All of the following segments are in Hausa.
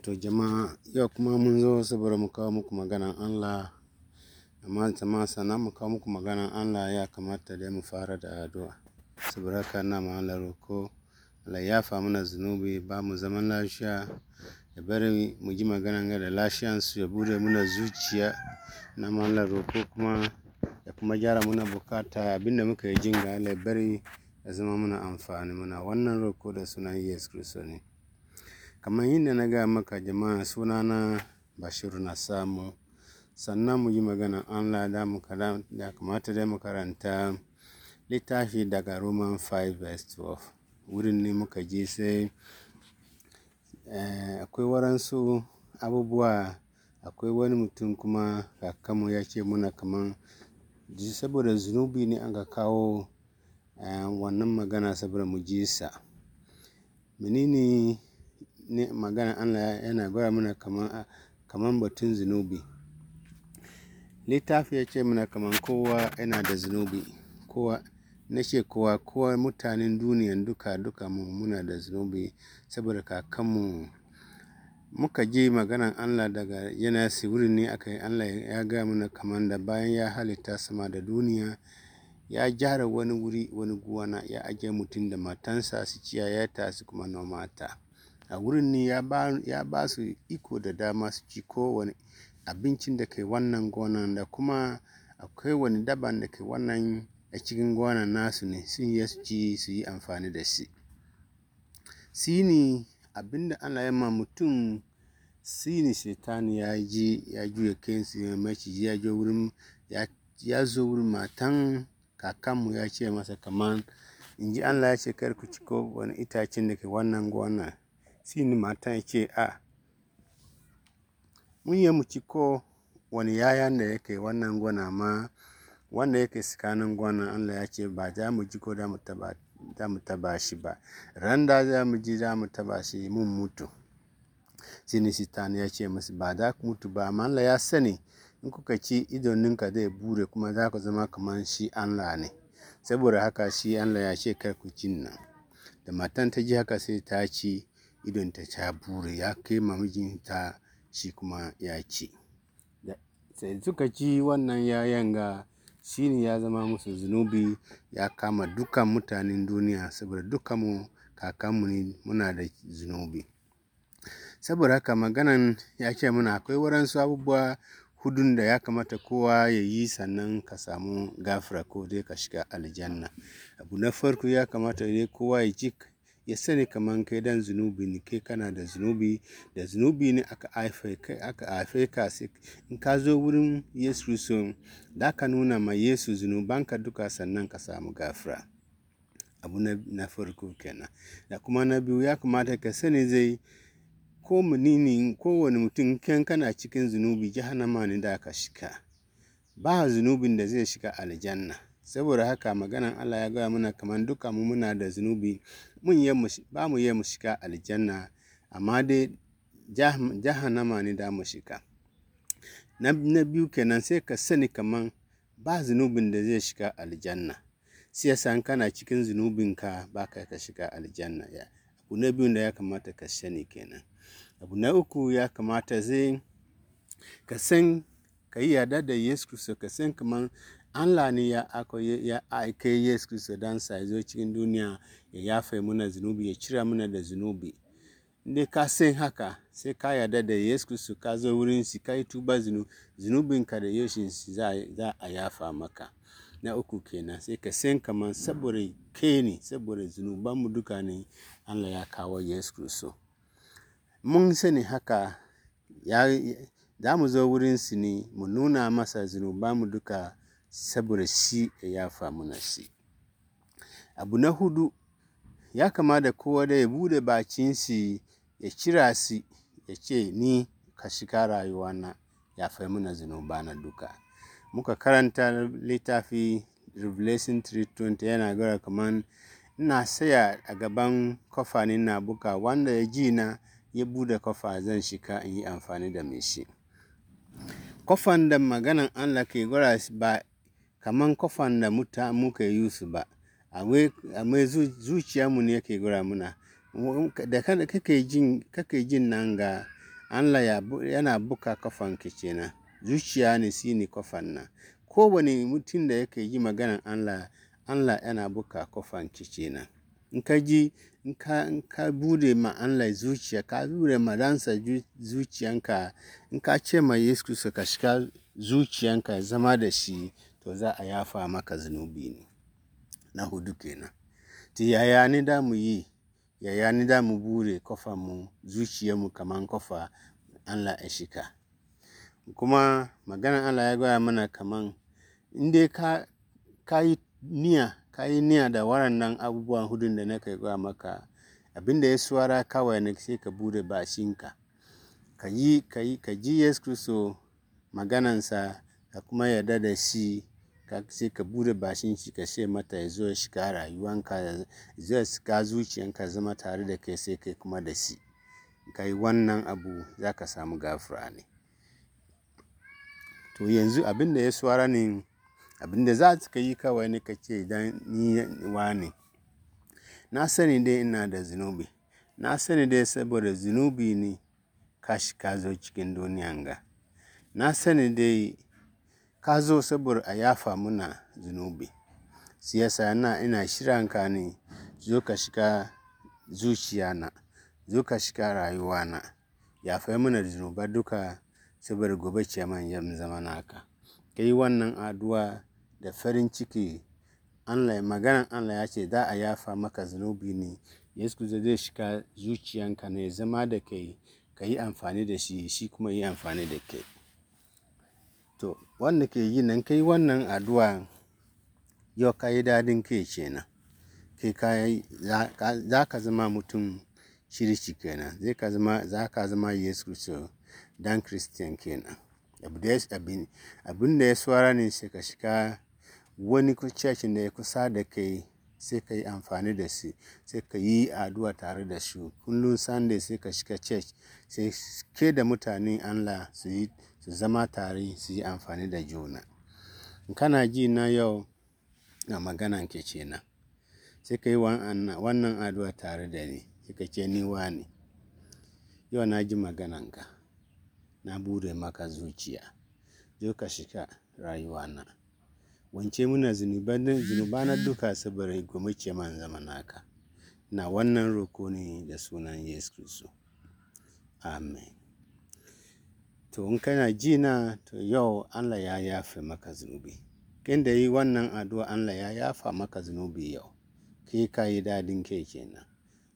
To jama'a yau kuma mun zo saboda mu kawo muku maganan Allah amma jama'a sana mu kawo muku maganan Allah ya kamata dai mu fara da addu'a saboda haka na ma Allah roko Allah ya fa mana zunubi ba mu zaman lafiya ya bari mu ji maganan ga da lafiyan su ya bude muna zuciya na ma Allah roko kuma ya kuma gyara muna bukata abinda muka yi jin ga Allah ya bari ya zama muna amfani muna wannan roko da sunan Yesu kristo ne kamar yadda na gaya maka jama'a sunana bashir na samu sannan mu yi magana an da mu da kamata dai mu littafi daga roman 5 verse 12 wurin ne muka je sai eh, akwai waransu abubuwa akwai wani mutum kuma kakanmu ya ce muna kaman saboda zunubi ne an aka kawo eh, wannan magana saboda mu ji sa menene ne magana Allah yana gwada mana kaman batun zinubi littafi ya ce mana kaman kowa yana da zinubi kowa na ce kowa kowa mutanen duniyan duka duka mu muna da zinubi saboda kakanmu muka ji maganan Allah daga yana wuri ne aka yi Allah ya gaya mana kaman da bayan ya halitta sama da duniya ya gyara wani wuri wani guwana ya ajiye mutum da matansa su ciya ya tasu kuma nomata. a wurin ne ya ba su iko da dama su ci kowane abincin da ke wannan gonan da kuma akwai wani daban da ke wannan a cikin gonan nasu ne sun yi su ci su yi amfani da shi sini abinda ana ya ma mutum ne shaitani ya ji ya juya kensu ya mace ya wurin ya zo wurin matan kakanmu ya ce masa kaman in ji Allah ya ce kar ku ci ko wani itacen da ke wannan gonar sini mata ya ce, a, mun yi mu ciko wani yayan da yake wannan gwana ma wanda yake tsakanin gwana Allah ya ce ba za mu ji da za mu taba shi ba Randa da za mu ji za mu taba shi mun mutu shi ta sitani ya ce musu ba za ku mutu ba amma Allah ya sani in kuka ci idoninka zai bure kuma za ku zama kamar shi Allah ne saboda haka shi Allah ya ce kar ku cin nan da matan ta ji haka sai ta ci idon ta bure ya kai ma mijinta shi kuma ya ci sai suka ci wannan yayan ga shi ne ya zama musu zunubi ya kama dukkan mutanen duniya saboda dukanmu kakanmu ne muna da zunubi saboda haka maganan ya ce muna akwai waransu abubuwa hudun da ya kamata kowa ya yi sannan ka samu gafara ko dai ka shiga aljanna abu na farko ya kamata dai kowa ya ci ya sani kaman kai dan zunubi ne kai kana da zunubi da zunubi ne aka haife aka haife ka in ka zo wurin Yesu so da ka nuna ma Yesu zunubanka duka sannan ka samu gafara abu na farko kenan da kuma na biyu ya kamata ka sani zai ko menene wani mutum kan kana cikin zunubi jahannama ne da ka shika ba zunubin da zai shika aljanna saboda haka maganan Allah ya gaya mana kaman duka mu muna da zunubi ba mu yi mu shiga aljanna amma dai jahannama ne da mu shiga na biyu kenan sai ka sani kaman ba zunubin da zai shiga aljanna sai ya san kana cikin ka ba ka ka shiga aljanna ya abu na biyu da ya kamata ka sani kenan abu na uku ya kamata zai ka san ka yi yarda da yesu kristo ka san kaman Allah ne ya ya aika Yesu Kristo don sa ya cikin duniya ya yafe muna zunubi ya cire muna da zunubi inda ka san haka sai ka yarda da Yesu Kristo ka zo wurin shi ka yi tuba ka da yoshin shi za a yafa maka na uku kenan sai ka san kamar saboda ke ne saboda mu duka ne Allah ya kawo Yesu Kristo mun sani haka ya za mu zo wurin shi ne mu nuna masa mu duka saboda shi ya yafa na shi. Abu na hudu, ya kamata kowa da ya buɗe bakin shi ya kira shi ya ce ni ka shiga rayuwa na yafe mana na duka. Muka karanta littafi Revelation 3:20 yana gara kaman ina saya a gaban kofa ne na buka wanda ya ji na ya buɗe kofa zan shika in yi amfani da mai shi. Kofan da maganan Allah ke gwada ba kaman kofan da muta muka yi su ba mai zuciya mu ne yake gura muna da kake jin jin nan ga Allah ya yana buka kofan ki kenan zuciya ne ne kofan nan kowane mutum da yake yi maganan Allah Allah yana buka kofan ki kenan in ka ji in ka bude ma Allah zuciya ka bude ma ransa zuciyanka in ka ce ma Yesu ka shiga zuciyanka zama da shi to za a yafa maka zunubi ne na hudu kenan ti yaya ne da mu yi yaya ne da mu bure kofa mu zuciya mu kaman kofa Allah ya shika kuma magana Allah ya gaya mana kaman in dai ka niya ka niya da waɗannan abubuwan hudun da nake gaya maka abin ya suwara kawai ne sai ka bude bashinka ka yi ka ka ji Yesu Kristo maganansa ka kuma yarda da shi sai ka buɗe bashin shi ka ce mata ya zo ya shiga rayuwanka, ya shiga zuciyanka zama tare da kai sai kai kuma da shi. Ka yi wannan abu za ka samu gafara ne. To yanzu abin da ya suwara ne, abin da za ka yi kawai ne ka ce dan ni wane. Na sani dai ina da zinubi Na sani dai saboda zunubi ne ka shiga zo cikin duniyan ga. Na sani dai ka zo saboda a yafa muna zunubi siyasa na ina shirin ka ne zo ka shiga zuciya na zo ka shiga rayuwa na yafa muna zunuba duka saboda gobe man ya zama naka ka yi wannan addu'a da farin ciki Allah maganan Allah ya ce za a yafa maka zunubi ne Yesu zai shiga zuciyanka ne zama da kai ka yi amfani da shi shi kuma yi amfani da kai To, wanda ke yi nan kai wannan addu'a yau ka yi dadin kai kenan. Kai ka yi, za ka zama mutum kirki kenan. Zai ka zama, za ka zama Yesu Kiristo dan Christian kenan. Abin da ya saura ne sai ka shiga wani cocin da ya kusa da kai sai ka yi amfani da su, sai ka yi addu'a tare da su. Kullum Sunday sai ka shiga church sai ke da mutanen Allah su yi. zama tare su yi amfani da juna in kana ji na yau na maganan ke kenan sai ka yi wannan addu'a tare da ni sai ka ce ni ne. yau na ji ka, na bude maka zuciya zo ka shiga rayuwana wance muna zunubana duka gumi ce man zama naka na wannan roko da sunan yesu kristo amen to in kana ji na to yau Allah ya yafe maka zunubi kin da yi wannan addu'a Allah ya yafa maka zunubi yau ke ka yi dadin ke kenan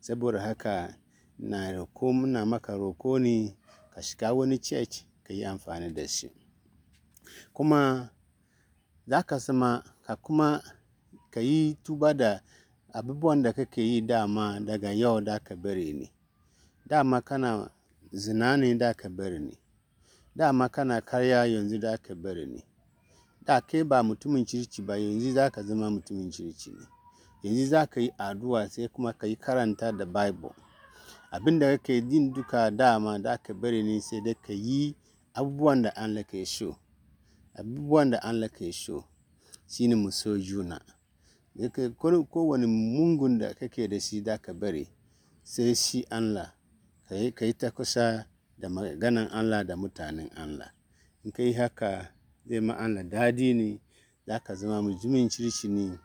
saboda haka na roko muna maka roko ne ka shiga wani church ka yi amfani da shi kuma za ka sama ka kuma ka yi tuba da abubuwan da kake yi dama daga yau da ka bari ne dama kana zina ne da ka bari ne dama kana karya yanzu da aka bari ne da kai ba mutumin kirki ba yanzu za ka zama mutumin kirki ne yanzu za ka yi addu'a sai kuma ka yi karanta da bible abin da kake din duka dama da aka bari ne sai da ka yi abubuwan da an laka sho abubuwan da an laka so shine mu so juna kowane mungun da kake da shi da ka bari sai shi Allah ka yi ta kusa da maganan Allah da mutanen Allah in ka yi haka zai ma Allah dadi ne za ka zama mujimin kirki ne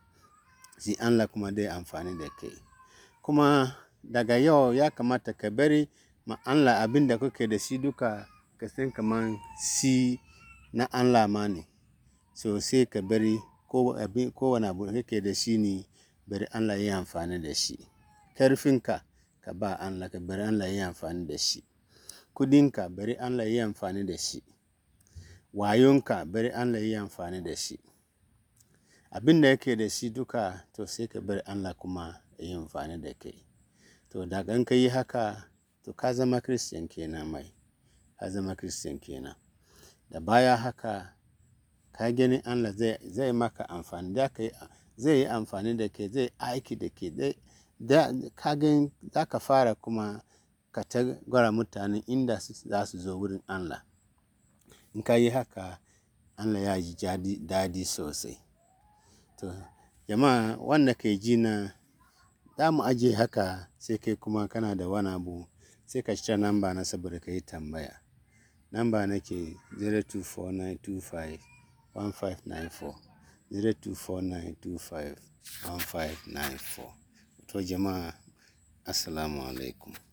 an Allah kuma dai amfani da kai kuma daga yau ya kamata ka bari ma Allah abin da kake da shi duka ka san kamar si na Allah ma ne so sai ka bari kowane abu da kake da shi ne bari Allah la yi amfani da shi karfinka ka ba Allah ka bari Allah la yi amfani da shi Kudinka bari Allah ya yi amfani da shi. Wayonka bari Allah ya yi amfani da shi. Abin da yake da shi duka to sai ka bari Allah kuma ya yi amfani da kai. To daga in ka yi haka to ka zama Christian kenan mai. Ka zama Christian kenan. Da baya haka ka gani Allah zai, zai maka amfani da kai, zai yi amfani da kai, zai aiki da kai. Da ka gani za ka fara kuma ka ta gwara mutane inda za su zo wurin Allah in ka yi haka Allah ya ji daɗi sosai to jama'a wanda ke ji na za mu ajiye haka sai kai kuma kana da wani abu sai ka cire namba na saboda ka yi tambaya namba nake 0249251594 0249251594 to jama'a assalamu alaikum